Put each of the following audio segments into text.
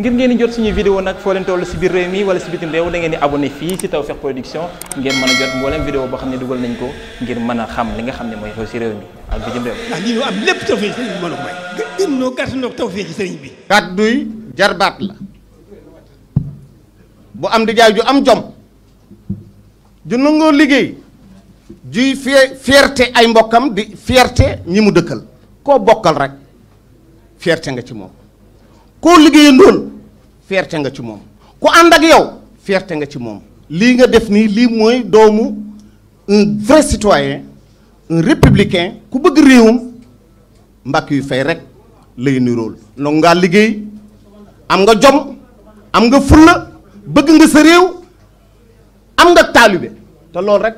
ngir ngeen di jot suñu vidéo nag foo leen toll si biir réew mi wala si bitim réew da ngeen di abonné fii si Tawfekh Production ngeen mën a jot mboolem vidéo boo xam ne dugal nañ ko ngir mën a xam li nga xam ne mooy xew si réew mi ak bitim réew. ndax lii ñu am lépp bi mën a may. gën jarbaat la bu am di jaay ju am jom ju nangoo liggéey juy fie fierté ay mbokkam di fierte ñi mu dëkkal koo bokkal rek fierté nga ci moom koo liggéeyandoon fierté nga ci moom ku ànd ak yow fierté nga ci moom lii nga def nii lii mooy doomu un vrai citoyen un républicain ku bëgg réewum mbàkk yu fay rek lay nirool donc ngaa liggéey am nga jom am nga fulla bëgg nga sa réew am nga taalibe te loolu rek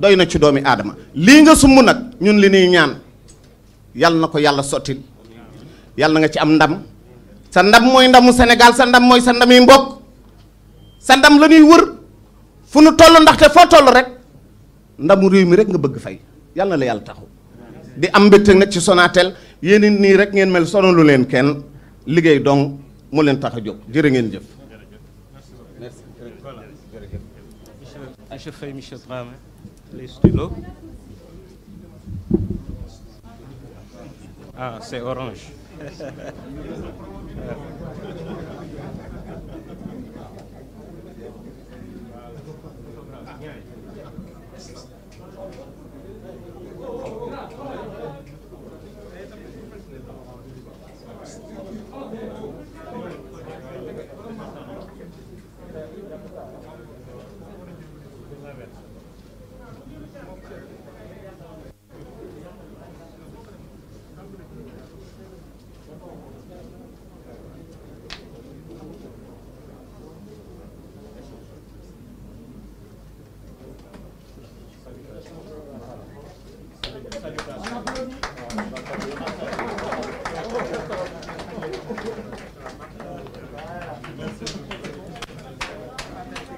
doy na ci doomi aadama lii nga sumb nag ñun li nuy ñaan yàlla na ko yàlla sottil yàlla na nga ci am ndam sa ndam mooy ndamu Sénégal sa ndam mooy sa ndami mbokk sa ndam la ñuy wër fu nu toll ndaxte foo toll rek ndamu réew mi rek nga bëgg fay yàlla na la yàlla taxu di am mbégte nag ci Sonatel yéen nii rek ngeen mel sonalu leen kenn liggéey dong mu leen tax a jóg jërë ngeen jëf. merci ah, jërëjëf.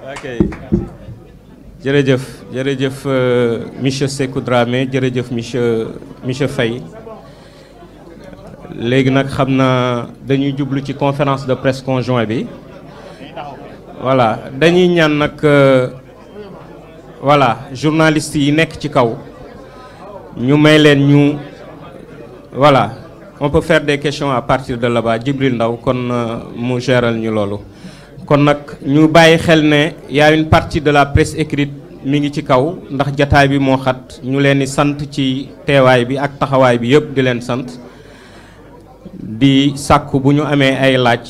ok jërëjëf jërëjëf euh, monsieur Sékou jërëjëf monsieur monsieur Faye léegi nag xam na dañuy jublu ci conférence de presse conjoint bi dañuy ñaan nag. Euh, voilà journaliste yi nekk ci kaw ñu may leen ñu voilà on peut faire des questions partir de là-bas Ndaw kon euh, mu géral ñu loolu kon nag ñu bàyyi xel ne y a partie de la presse écrite mi ngi ci kaw ndax jataay bi moo xat ñu leen di sant ci teewaay bi ak taxawaay bi yëpp di leen sant di sàkku bu ñu amee ay laaj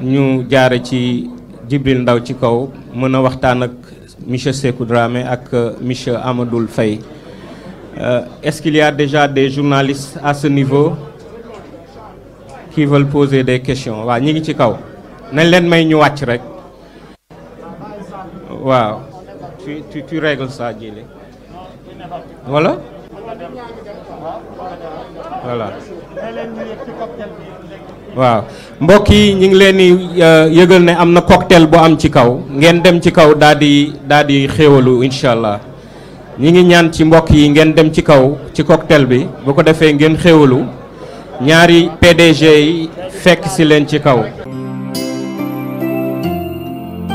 ñu jaare ci Djibril Ndaw ci kaw mën a waxtaan ak monsieur Sékou Dramé ak euh, monsieur Amadoul fay euh, est-ce qu'il y déjà des journalistes à ce niveau qui veulent poser des questions waa ñi ngi ci kaw nañ leen may ñu wàcc rek waaw tu tu tu règles ça Djily voilà waaw mbokk yi ñu ngi leen di euh, yëgal ne am na cocktail bu am ci kaw ngeen dem ci kaw daal di daal di xéewalu incha allah ñi ngi ñaan ci mbokk yi ngeen dem ci kaw ci cocktail bi bu ko defee ngeen xéewalu ñaari PDG yi fekk si leen ci kaw